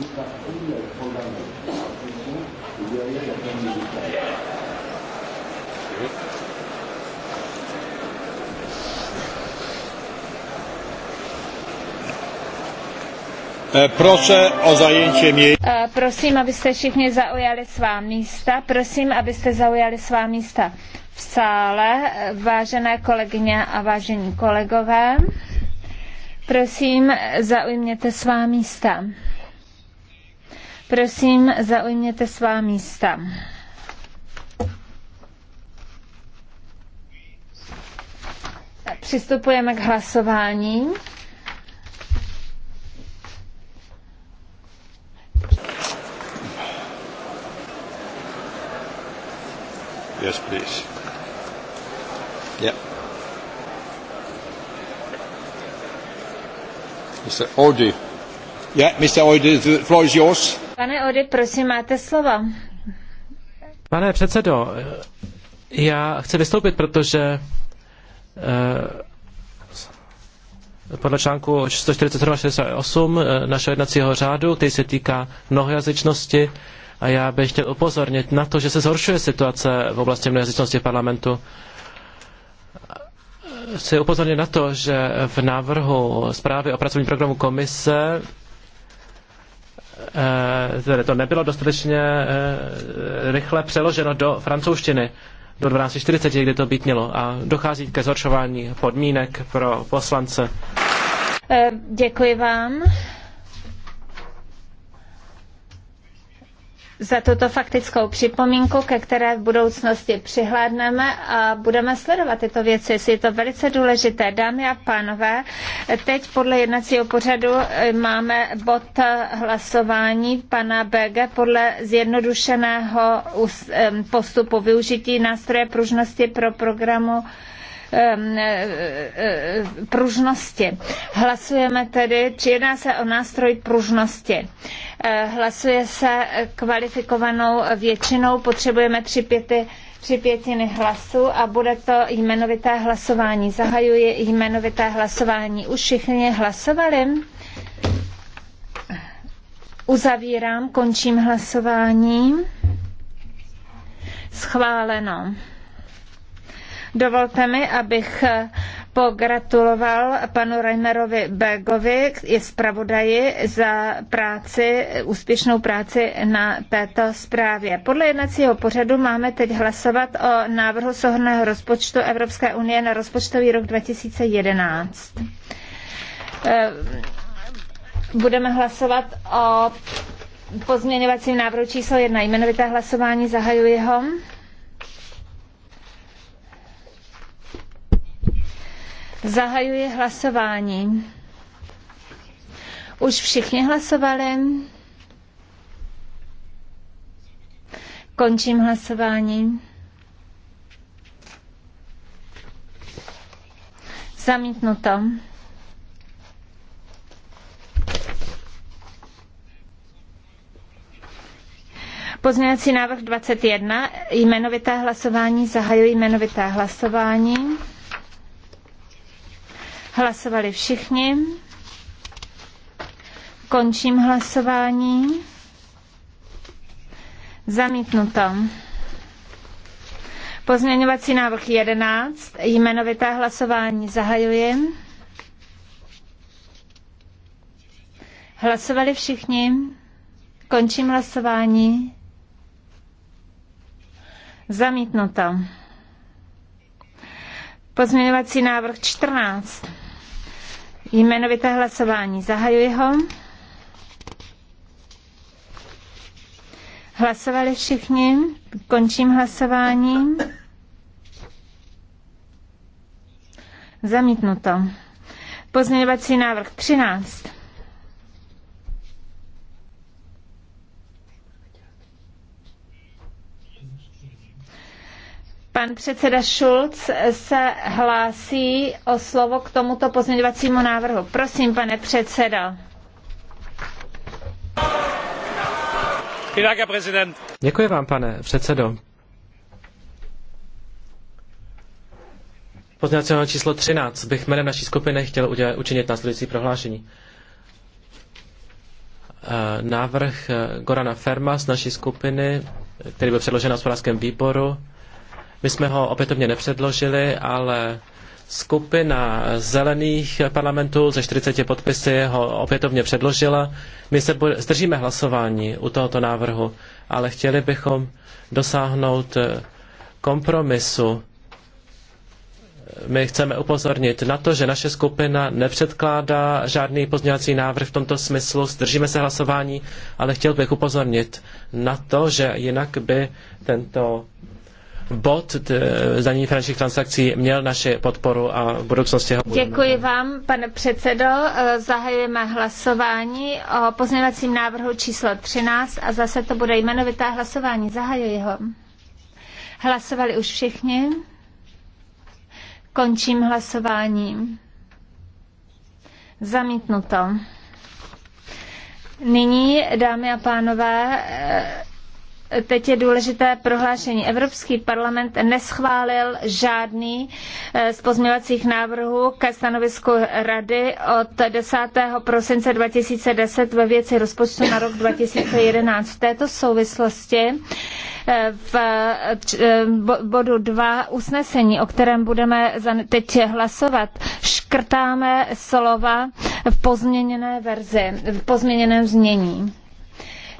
une eh, programmation. derrière, o zajęcie miejsc. Eh, prosím, abyste všichni zaujali svá místa. Prosím, abyste zaujali svá místa v sále, eh, vážené kolegyně a vážení kolegové. Prosím, zaujměte svá místa. Prosím, zaujměte svá místa. Přistupujeme k hlasování. Yes, please. Yeah. Mr. Audi. Yeah, Mr. Audi, the floor is yours. Pane Ody, prosím, máte slovo. Pane předsedo, já chci vystoupit, protože eh, podle článku 147 68 eh, našeho jednacího řádu, který se týká mnohojazyčnosti, a já bych chtěl upozornit na to, že se zhoršuje situace v oblasti mnohojazyčnosti v parlamentu. Chci upozornit na to, že v návrhu zprávy o pracovním programu komise Eh, to nebylo dostatečně eh, rychle přeloženo do francouzštiny do 12.40, kdy to být mělo a dochází ke zhoršování podmínek pro poslance. Eh, děkuji vám. za tuto faktickou připomínku, ke které v budoucnosti přihlédneme a budeme sledovat tyto věci, jestli je to velice důležité. Dámy a pánové, Teď podle jednacího pořadu e, máme bod e, hlasování pana BG podle zjednodušeného e, postupu využití nástroje pružnosti pro programu Ehm, e, e, pružnosti. Hlasujeme tedy, či jedná se o nástroj pružnosti. E, hlasuje se kvalifikovanou většinou, potřebujeme tři pěty tři pětiny hlasu a bude to jmenovité hlasování. Zahajuji jmenovité hlasování. Už všichni hlasovali? Uzavírám, končím hlasování. Schváleno. Dovolte mi, abych pogratuloval panu Reimerovi Bergovi i zpravodaji za práci, úspěšnou práci na této zprávě. Podle jednacího pořadu máme teď hlasovat o návrhu souhrnného rozpočtu Evropské unie na rozpočtový rok 2011. Eh, budeme hlasovat o pozměňovacím návrhu číslo 1. Jmenovité hlasování zahajuji ho. Zahajuji hlasování. Už všichni hlasovali? Končím hlasování. Zamítnuto. Pozměňovací návrh 21, jmenovité hlasování, zahajuji jmenovité hlasování. Hlasovali všichni. Končím hlasování. Zamítnuto. Pozměňovací návrh 11. Jmenovité hlasování zahajuji. Hlasovali všichni. Končím hlasování. Zamítnuto. Pozměňovací návrh 14. Jmenovité hlasování. Zahajuji ho. Hlasovali všichni. Končím hlasování. Zamítnuto. Pozměňovací návrh 13. Pan předseda Schulz se hlásí o slovo k tomuto pozměňovacímu návrhu. Prosím, pane předsedo. Děkuji vám, pane předsedo. Pozměňovací číslo 13 bych jménem naší skupiny chtěl udělat, učinit následující prohlášení. Eh, návrh eh, Gorana Ferma z naší skupiny, který byl předložen na hospodářském výboru, my jsme ho opětovně nepředložili, ale skupina zelených parlamentů ze 40 podpisy ho opětovně předložila. My se zdržíme hlasování u tohoto návrhu, ale chtěli bychom dosáhnout eh, kompromisu. My chceme upozornit na to, že naše skupina nepředkládá žádný pozměňovací návrh v tomto smyslu, zdržíme se hlasování, ale chtěl bych upozornit na to, že jinak by tento bod zdanění finančních transakcí měl naši podporu a v budoucnosti ho budeme. Děkuji vám, pane předsedo. E, zahajujeme hlasování o pozměňovacím návrhu číslo 13 a zase to bude jmenovité hlasování. Zahajuji ho. Hlasovali už všichni. Končím hlasování. Zamítnuto. Nyní, dámy a pánové, e, teď je důležité prohlášení. Evropský parlament neschválil žádný eh, z pozměňovacích návrhů ke stanovisku Rady od 10. prosince 2010 ve věci rozpočtu na rok 2011. V této souvislosti eh, v eh, bodu 2 usnesení, o kterém budeme teď hlasovat, škrtáme slova v pozměněné verzi, v pozměněném znění.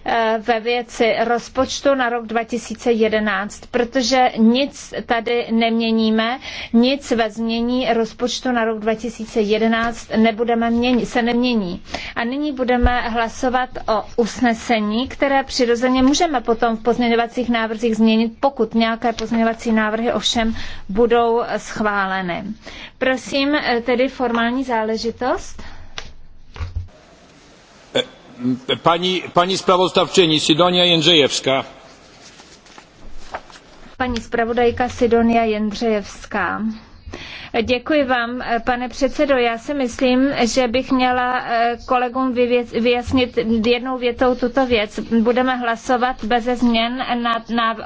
Eh, ve věci rozpočtu na rok 2011, protože nic tady neměníme, nic ve změní rozpočtu na rok 2011 nebudeme měnit, se nemění. A nyní budeme hlasovat o usnesení, které přirozeně můžeme potom v pozměňovacích návrzích změnit, pokud nějaké pozměňovací návrhy ovšem budou schváleny. Prosím, eh, tedy formální záležitost. Pani, pani Sidonia Jędrzejewska. Pani spravodajka Sidonia Jędrzejewská. Děkuji vám, pane předsedo. Já si myslím, že bych měla eh, kolegům vyjasnit jednou větou tuto věc. Budeme hlasovat bez změn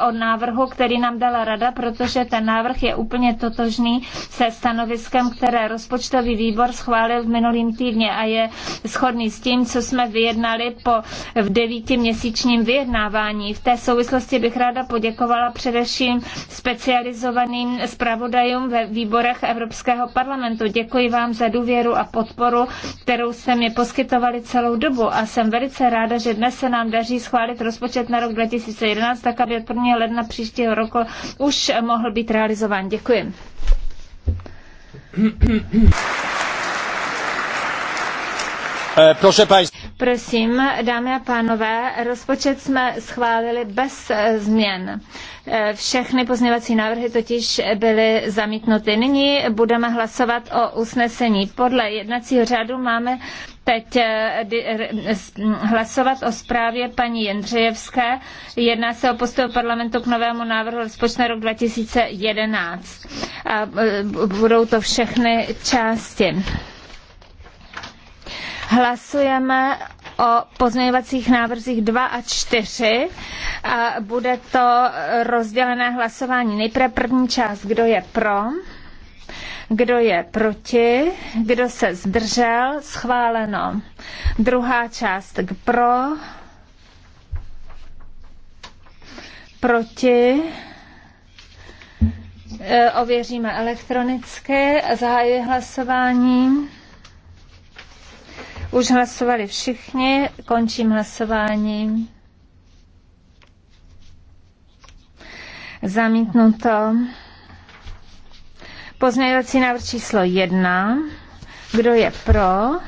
o návrhu, který nám dala rada, protože ten návrh je úplně totožný se stanoviskem, které rozpočtový výbor schválil v minulém týdně a je shodný s tím, co jsme vyjednali po v devítiměsíčním vyjednávání. V té souvislosti bych ráda poděkovala především specializovaným zpravodajům ve výborech Evropského parlamentu. Děkuji vám za důvěru a podporu, kterou jste mi poskytovali celou dobu a jsem velice ráda, že dnes se nám daří schválit rozpočet na rok 2011, tak aby od 1. ledna příštího roku už mohl být realizován. Děkuji. Eh, proszę Państwa. Prosím, dámy a pánové, rozpočet jsme schválili bez eh, změn. Eh, všechny pozměvací návrhy totiž byly zamítnuty. Nyní budeme hlasovat o usnesení. Podle jednacího řádu máme teď eh, hlasovat o zprávě paní Jendřejevské. Jedná se o postup parlamentu k novému návrhu rozpočtu rok 2011. A budou to všechny části. Hlasujeme o pozměňovacích návrzích 2 a 4 a bude to rozdělené hlasování. Nejprve první část, kdo je pro, kdo je proti, kdo se zdržel, schváleno. Druhá část pro, proti, eh, ověříme elektronicky, zahájí hlasování. Už hlasovali všichni, končím hlasování. Zamítnuto. Pozměňovací návrh číslo 1. Kdo je pro?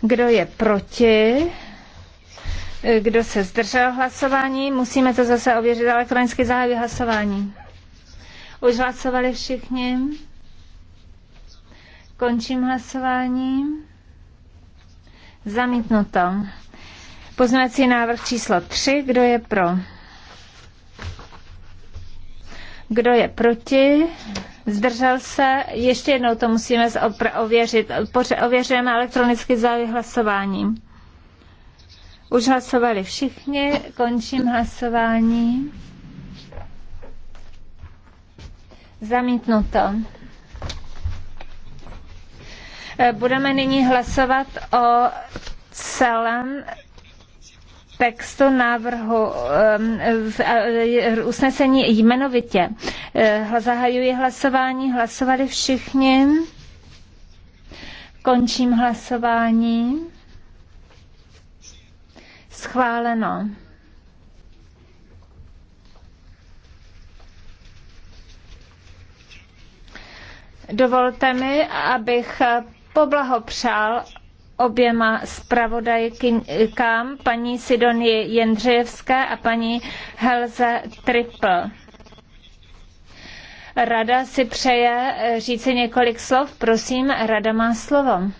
Kdo je proti? Kdo se zdržel hlasování? Musíme to zase ověřit elektronicky zahájit hlasování. Už hlasovali všichni? Končím hlasování. Zamítnuto. Poznací návrh číslo 3. Kdo je pro? Kdo je proti? Zdržel se? Ještě jednou to musíme ověřit. Ověřujeme elektronicky za hlasování. Už hlasovali všichni, končím hlasování. Zamítnuto. Budeme nyní hlasovat o celém textu návrhu usnesení jmenovitě. Eh, zahajuji hlasování, hlasovali všichni. Končím hlasování. Schváleno. Dovolte mi, abych poblahopřál oběma zpravodajkám, paní Sidonii Jendřejevské a paní Helze Triple. Rada si přeje říci několik slov. Prosím, Rada má slovo.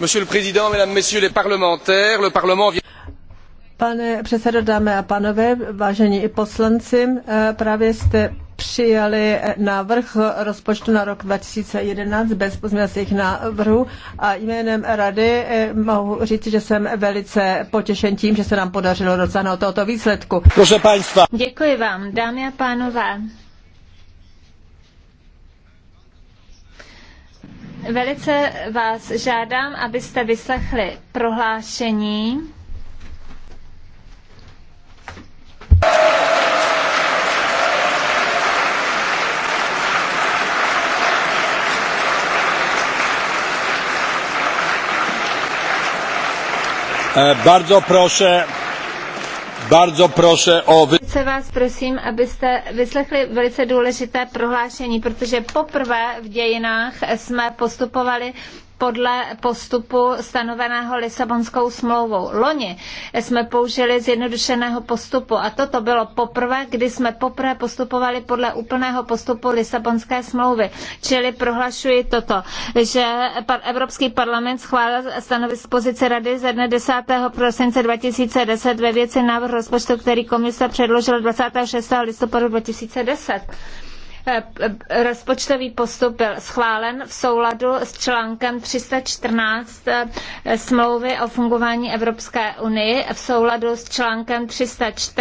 Monsieur le Président, Messieurs les parlementaires, le Parlement Pane předsedo, dámy a pánové, vážení i poslanci, eh, právě jste přijali návrh rozpočtu na rok 2011 bez pozměňovacích návrhů a jménem Rady eh, mohu říct, že jsem velice potěšen tím, že se nám podařilo dosáhnout tohoto výsledku. Proszę państwa. Děkuji vám, dámy a pánové. Velice vás žádám, abyste vyslechli prohlášení Eh, bardzo proszę, bardzo proszę o... Se vás prosím, abyste vyslechli velice důležité prohlášení, protože poprvé v dějinách jsme postupovali podle postupu stanoveného Lisabonskou smlouvou. Loni jsme použili zjednodušeného postupu a toto bylo poprvé, kdy jsme poprvé postupovali podle úplného postupu Lisabonské smlouvy. Čili prohlašuji toto, že Evropský parlament schválil stanovisko pozici Rady ze dne 10. prosince 2010 ve věci návrhu rozpočtu, který komise předložila 26. listopadu 2010. Eh, rozpočtový postup byl schválen v souladu s článkem 314 eh, smlouvy o fungování Evropské unie v souladu s článkem 314